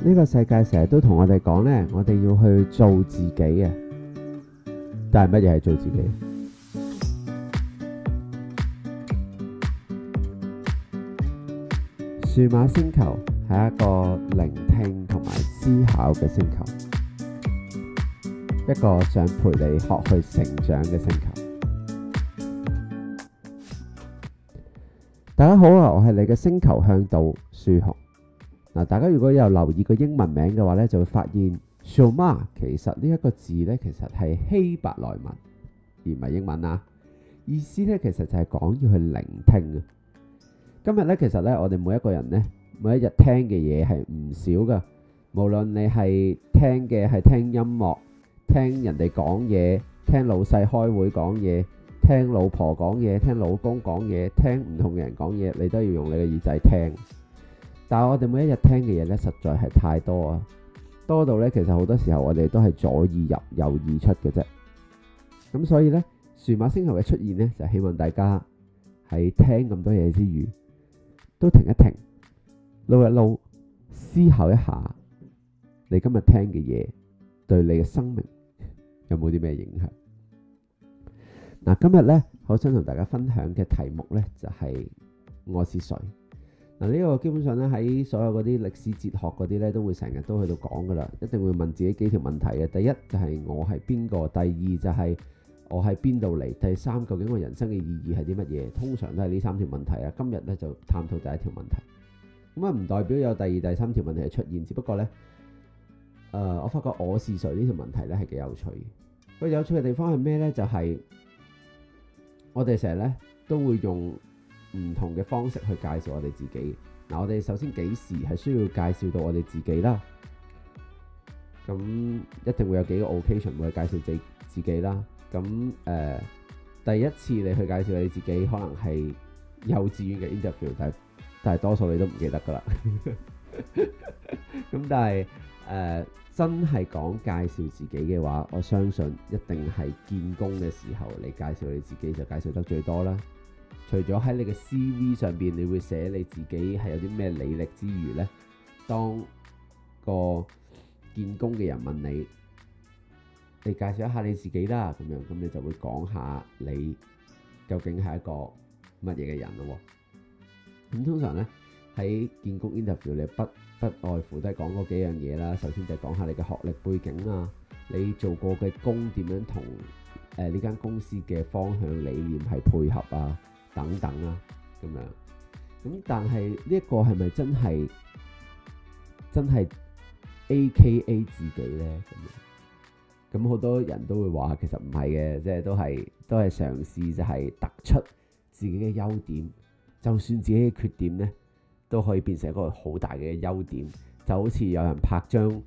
呢個世界成日都同我哋講咧，我哋要去做自己嘅。但係乜嘢係做自己？數碼 星球係一個聆聽同埋思考嘅星球，一個想陪你學去成長嘅星球。大家好啊，我係你嘅星球向導，舒紅。嗱，大家如果有留意個英文名嘅話咧，就會發現，Shema 其實呢一個字咧，其實係希伯來文，而唔係英文啊。意思咧，其實就係講要去聆聽啊。今日咧，其實咧，我哋每一個人咧，每一日聽嘅嘢係唔少㗎。無論你係聽嘅係聽音樂，聽人哋講嘢，聽老細開會講嘢，聽老婆講嘢，聽老公講嘢，聽唔同嘅人講嘢，你都要用你嘅耳仔聽。但係我哋每一日聽嘅嘢咧，實在係太多啊，多到咧，其實好多時候我哋都係左耳入右耳出嘅啫。咁所以咧，數碼星球嘅出現咧，就希望大家喺聽咁多嘢之餘，都停一停，撈一撈，思考一下你今日聽嘅嘢對你嘅生命有冇啲咩影響？嗱，今日咧，我想同大家分享嘅題目咧，就係、是、我是誰。嗱呢個基本上咧喺所有嗰啲歷史哲學嗰啲咧都會成日都喺度講噶啦，一定會問自己幾條問題嘅。第一就係我係邊個，第二就係我喺邊度嚟，第三究竟我人生嘅意義係啲乜嘢？通常都係呢三條問題啊。今日咧就探討第一條問題，咁啊唔代表有第二、第三條問題係出現，只不過咧，誒、呃、我發覺我是誰呢條問題咧係幾有趣嘅。佢有趣嘅地方係咩咧？就係、是、我哋成日咧都會用。唔同嘅方式去介紹我哋自己。嗱，我哋首先幾時係需要介紹到我哋自己啦？咁一定會有幾個 occasion 會去介紹自自己啦。咁誒、呃，第一次你去介紹你自己，可能係幼稚園嘅 interview，但係但係多數你都唔記得㗎喇。咁 但係誒、呃，真係講介紹自己嘅話，我相信一定係見工嘅時候，你介紹你自己就介紹得最多啦。除咗喺你嘅 CV 上邊，你會寫你自己係有啲咩履歷之餘呢，當個建工嘅人問你，你介紹一下你自己啦，咁樣咁你就會講下你究竟係一個乜嘢嘅人咯。咁通常呢喺建工 interview，你不不外乎都係講嗰幾樣嘢啦。首先就係講下你嘅學歷背景啊，你做過嘅工點樣同誒呢間公司嘅方向理念係配合啊。等等啦，咁樣，咁但係呢一個係咪真係真係 AKA 自己呢？咁好多人都會話，其實唔係嘅，即係都係都係嘗試就係突出自己嘅優點，就算自己嘅缺點呢，都可以變成一個好大嘅優點。就好似有人拍張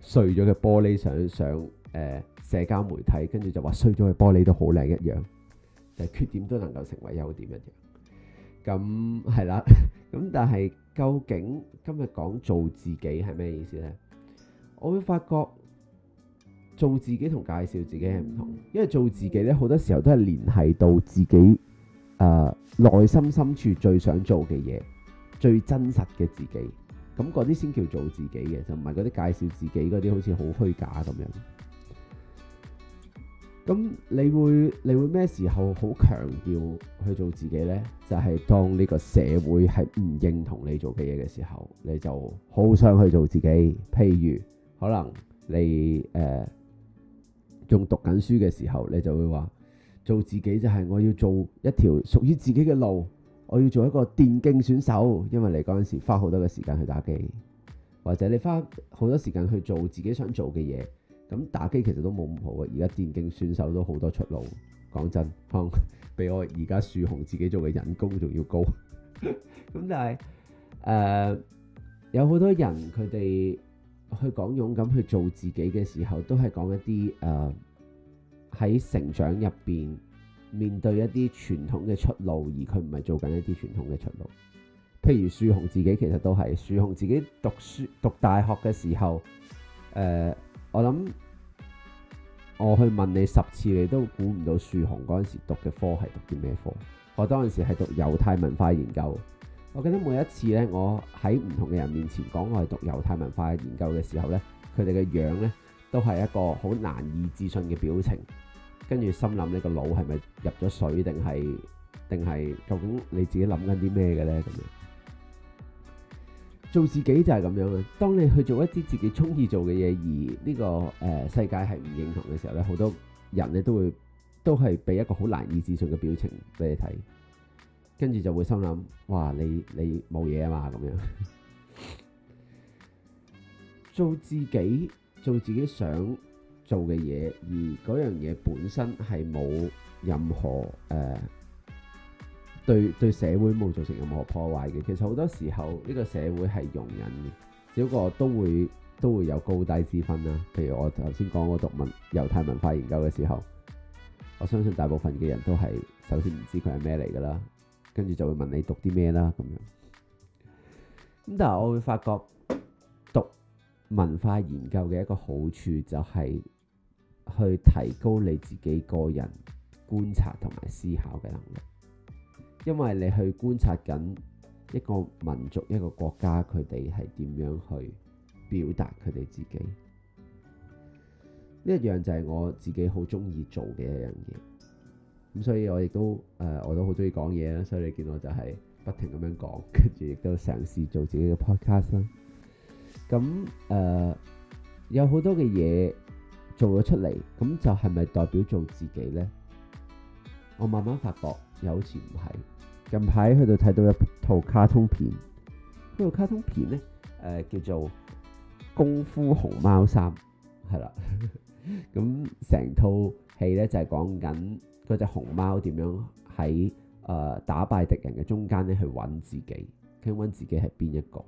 碎咗嘅玻璃上上誒、呃、社交媒體，跟住就話碎咗嘅玻璃都好靚一樣。就缺點都能夠成為優點一樣，咁係啦，咁但係究竟今日講做自己係咩意思呢？我會發覺做自己同介紹自己係唔同，因為做自己咧好多時候都係聯繫到自己誒、呃、內心深處最想做嘅嘢，最真實嘅自己，咁嗰啲先叫做自己嘅，就唔係嗰啲介紹自己嗰啲好似好虛假咁樣。咁你會你會咩時候好強調去做自己呢？就係、是、當呢個社會係唔認同你做嘅嘢嘅時候，你就好想去做自己。譬如可能你誒仲、呃、讀緊書嘅時候，你就會話做自己就係我要做一條屬於自己嘅路，我要做一個電競選手，因為你嗰陣時花好多嘅時間去打機，或者你花好多時間去做自己想做嘅嘢。咁打機其實都冇咁好嘅，而家電競選手都好多出路。講真， 比我而家樹紅自己做嘅人工仲要高。 咁但係誒，有好多人佢哋去講勇敢去做自己嘅時候，都係講一啲誒喺成長入邊面面對一啲傳統嘅出路，而佢唔係做緊一啲傳統嘅出路。譬如樹紅自己其實都係樹紅自己讀書讀大學嘅時候，誒、呃，我諗。我去問你十次，你都估唔到樹熊嗰陣時讀嘅科係讀啲咩科？我當陣時係讀猶太文化研究。我記得每一次咧，我喺唔同嘅人面前講我係讀猶太文化研究嘅時候咧，佢哋嘅樣咧都係一個好難以置信嘅表情，跟住心諗你個腦係咪入咗水定係定係究竟你自己諗緊啲咩嘅咧咁樣？做自己就係咁樣嘅。當你去做一啲自己锺意做嘅嘢，而呢、這個誒、呃、世界係唔認同嘅時候咧，好多人咧都會都係俾一個好難以置信嘅表情俾你睇，跟住就會心諗：哇！你你冇嘢啊嘛！咁樣 做自己，做自己想做嘅嘢，而嗰樣嘢本身係冇任何誒。呃對對社會冇造成任何破壞嘅，其實好多時候呢個社會係容忍嘅，只不過都會都會有高低之分啦。譬如我頭先講過讀文猶太文化研究嘅時候，我相信大部分嘅人都係首先唔知佢係咩嚟噶啦，跟住就會問你讀啲咩啦咁樣。咁但係我會發覺讀文化研究嘅一個好處就係去提高你自己個人觀察同埋思考嘅能力。因為你去觀察緊一個民族，一個國家，佢哋係點樣去表達佢哋自己，呢一樣就係我自己好中意做嘅一樣嘢。咁所以我亦都誒、呃，我都好中意講嘢啦，所以你見我就係不停咁樣講，跟住亦都嘗試做自己嘅 podcast 啦。咁誒、呃，有好多嘅嘢做咗出嚟，咁就係咪代表做自己呢？我慢慢發覺又好似唔係。近排去到睇到一套卡通片，套卡通片呢誒、呃、叫做《功夫熊貓三》，係啦。咁成套戲呢，就係講緊嗰隻熊貓點樣喺誒、呃、打敗敵人嘅中間呢，去揾自己，去揾自己係邊一個。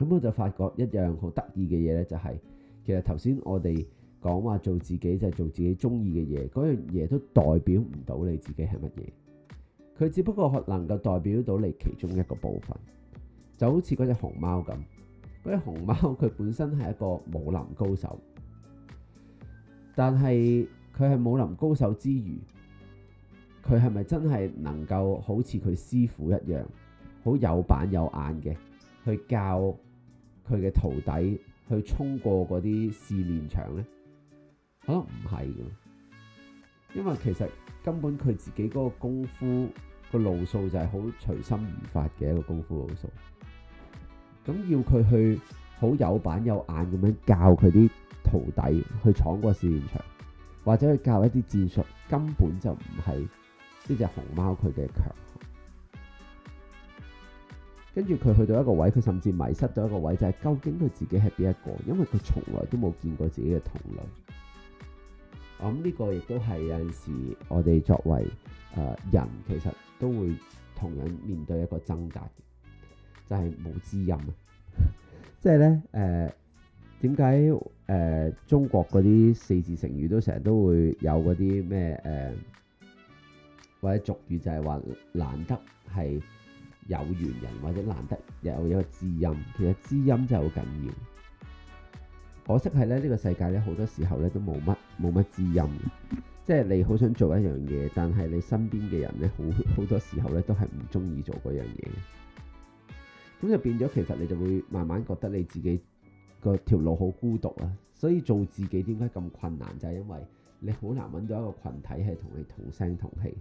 咁我就發覺一樣好得意嘅嘢呢，就係其實頭先我哋講話做自己就係做自己中意嘅嘢，嗰樣嘢都代表唔到你自己係乜嘢。佢只不過能夠代表到你其中一個部分，就好似嗰隻熊貓咁。嗰隻熊貓佢本身係一個武林高手，但係佢係武林高手之餘，佢係咪真係能夠好似佢師父一樣，好有板有眼嘅去教佢嘅徒弟去衝過嗰啲試練場呢？可能唔係。因為其實根本佢自己嗰個功夫個路數就係好隨心而發嘅一個功夫路數，咁要佢去好有板有眼咁樣教佢啲徒弟去闖過試驗場，或者去教一啲戰術，根本就唔係呢隻熊貓佢嘅強。跟住佢去到一個位，佢甚至迷失到一個位，就係究竟佢自己係邊一個？因為佢從來都冇見過自己嘅同類。我諗呢個亦都係有陣時，我哋作為誒、呃、人，其實都會同樣面對一個掙扎，就係冇知音。即係咧誒點解誒中國嗰啲四字成語都成日都會有嗰啲咩誒或者俗語，就係話難得係有緣人，或者難得有一個知音。其實知音真係好緊要，可惜係咧呢、這個世界咧好多時候咧都冇乜。冇乜知音，即係你好想做一樣嘢，但係你身邊嘅人呢，好好多時候呢都係唔中意做嗰樣嘢。咁就變咗，其實你就會慢慢覺得你自己個條路好孤獨啊。所以做自己點解咁困難，就係、是、因為你好難揾到一個群體係同你同聲同氣。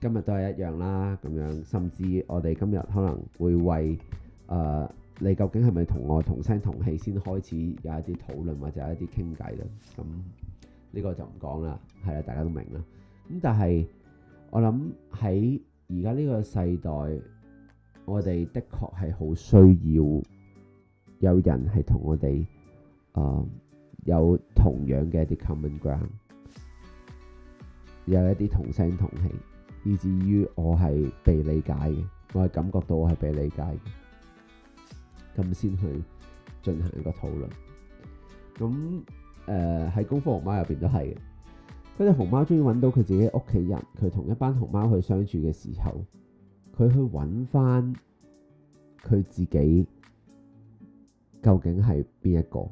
今日都係一樣啦，咁樣甚至我哋今日可能會為誒、呃、你究竟係咪同我同聲同氣，先開始有一啲討論或者有一啲傾偈啦。咁。呢個就唔講啦，係啦，大家都明啦。咁但係我諗喺而家呢個世代，我哋的確係好需要有人係同我哋誒、呃、有同樣嘅一啲 common ground，有一啲同聲同氣，以至於我係被理解嘅，我係感覺到我係被理解嘅，咁先去進行一個討論。咁。誒，喺、呃、功夫熊貓入邊都係嘅，嗰隻熊貓終於揾到佢自己屋企人，佢同一班熊貓去相處嘅時候，佢去揾翻佢自己究竟係邊一個？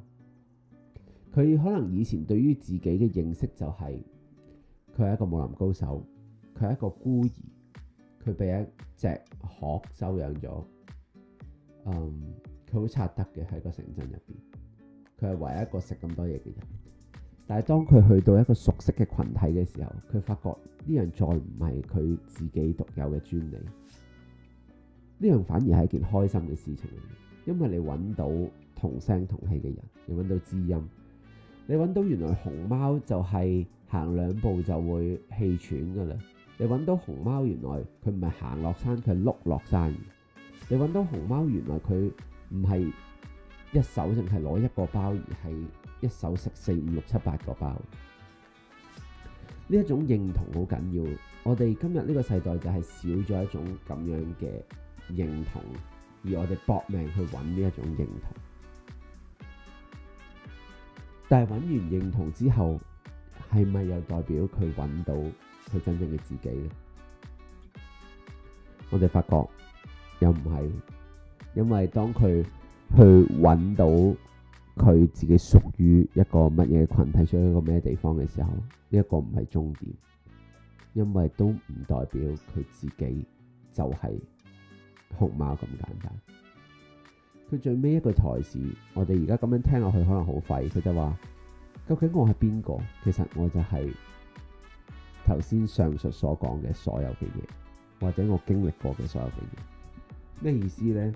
佢可能以前對於自己嘅認識就係、是，佢係一個武林高手，佢係一個孤兒，佢被一隻鶴收養咗，嗯，佢好拆得嘅喺個城鎮入邊。佢係唯一一個食咁多嘢嘅人，但係當佢去到一個熟悉嘅群體嘅時候，佢發覺呢樣再唔係佢自己獨有嘅專利，呢樣反而係一件開心嘅事情嚟。因為你揾到同聲同氣嘅人，你揾到知音，你揾到原來熊貓就係行兩步就會氣喘㗎喇，你揾到熊貓原來佢唔係行落山佢係碌落山，你揾到熊貓原來佢唔係。一手淨係攞一個包，而係一手食四五六七八個包。呢一種認同好緊要，我哋今日呢個世代就係少咗一種咁樣嘅認同，而我哋搏命去揾呢一種認同。但係揾完認同之後，係咪又代表佢揾到佢真正嘅自己咧？我哋發覺又唔係，因為當佢。去揾到佢自己屬於一個乜嘢群體，屬於一個咩地方嘅時候，呢一個唔係終點，因為都唔代表佢自己就係熊貓咁簡單。佢最尾一個台詞，我哋而家咁樣聽落去可能好廢，佢就話：究竟我係邊個？其實我就係頭先上述所講嘅所有嘅嘢，或者我經歷過嘅所有嘅嘢。咩意思呢？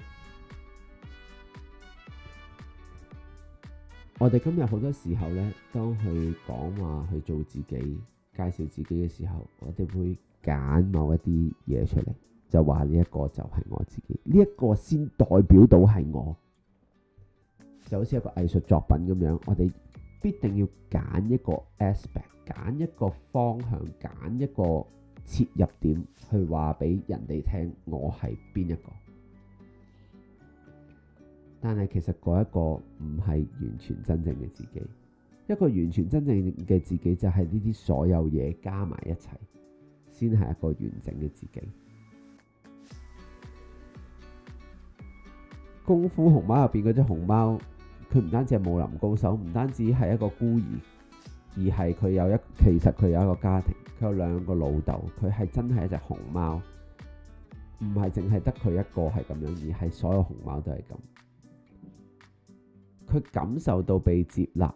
我哋今日好多時候咧，當去講話去做自己、介紹自己嘅時候，我哋會揀某一啲嘢出嚟，就話呢一個就係我自己，呢一個先代表到係我，就好似一個藝術作品咁樣，我哋必定要揀一個 aspect，揀一個方向，揀一個切入點去話俾人哋聽，我係邊一個。但係其實嗰一個唔係完全真正嘅自己，一個完全真正嘅自己就係呢啲所有嘢加埋一齊，先係一個完整嘅自己。功夫熊貓入邊嗰隻熊貓，佢唔單止係武林高手，唔單止係一個孤兒，而係佢有一其實佢有一個家庭，佢有兩個老豆，佢係真係一隻熊貓，唔係淨係得佢一個係咁樣，而係所有熊貓都係咁。佢感受到被接納，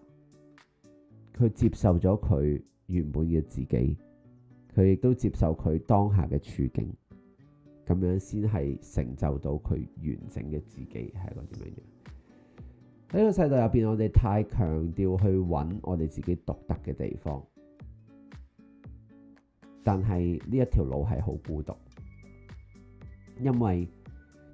佢接受咗佢原本嘅自己，佢亦都接受佢當下嘅處境，咁樣先係成就到佢完整嘅自己係一個點樣樣？喺呢個世界入邊，我哋太強調去揾我哋自己獨特嘅地方，但係呢一條路係好孤獨，因為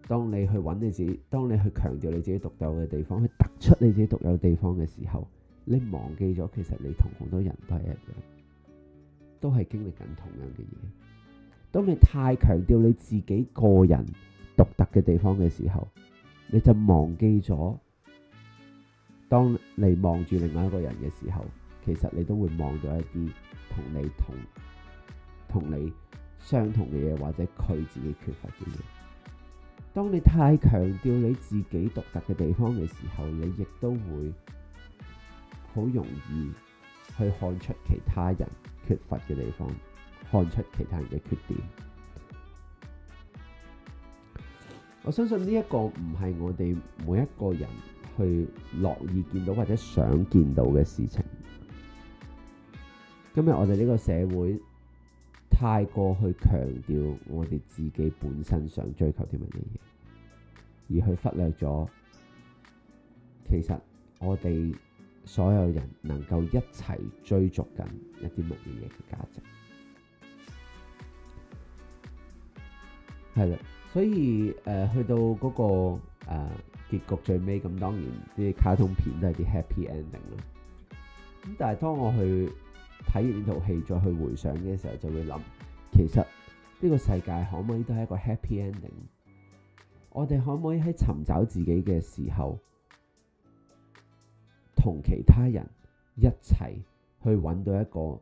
當你去揾你自己，當你去強調你自己獨特嘅地方，出你自己獨有地方嘅時候，你忘記咗。其實你同好多人都係一樣，都係經歷緊同樣嘅嘢。當你太強調你自己個人獨特嘅地方嘅時候，你就忘記咗。當你望住另外一個人嘅時候，其實你都會望到一啲同你同，同你相同嘅嘢，或者佢自己缺乏嘅嘢。當你太強調你自己獨特嘅地方嘅時候，你亦都會好容易去看出其他人缺乏嘅地方，看出其他人嘅缺點。我相信呢一個唔係我哋每一個人去樂意見到或者想見到嘅事情。今日我哋呢個社會。太過去強調我哋自己本身想追求啲乜嘢嘢，而去忽略咗其實我哋所有人能夠一齊追逐緊一啲乜嘢嘢嘅價值。係啦，所以誒、呃、去到嗰、嗰個誒、呃、結局最尾，咁當然啲卡通片都係啲 happy ending 咯。咁但係當我去。睇完呢套戲再去回想嘅時候，就會諗，其實呢個世界可唔可以都係一個 happy ending？我哋可唔可以喺尋找自己嘅時候，同其他人一齊去揾到一個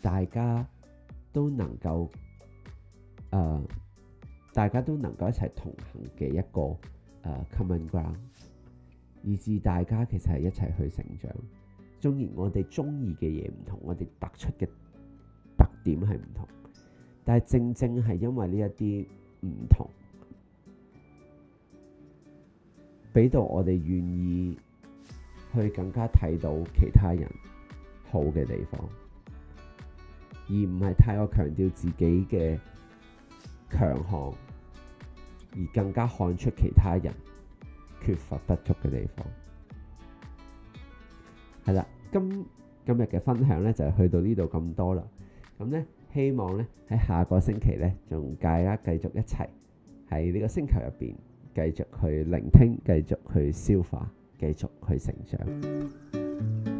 大家都能夠誒、呃，大家都能夠一齊同行嘅一個誒、呃、common ground，以至大家其實係一齊去成長。中意我哋中意嘅嘢唔同，我哋突出嘅特點係唔同，但係正正係因為呢一啲唔同，俾到我哋願意去更加睇到其他人好嘅地方，而唔係太過強調自己嘅強項，而更加看出其他人缺乏不足嘅地方。係啦，今今日嘅分享咧就係去到這這呢度咁多啦。咁咧希望咧喺下個星期咧仲大家繼續一齊喺呢個星球入邊繼續去聆聽、繼續去消化、繼續去成長。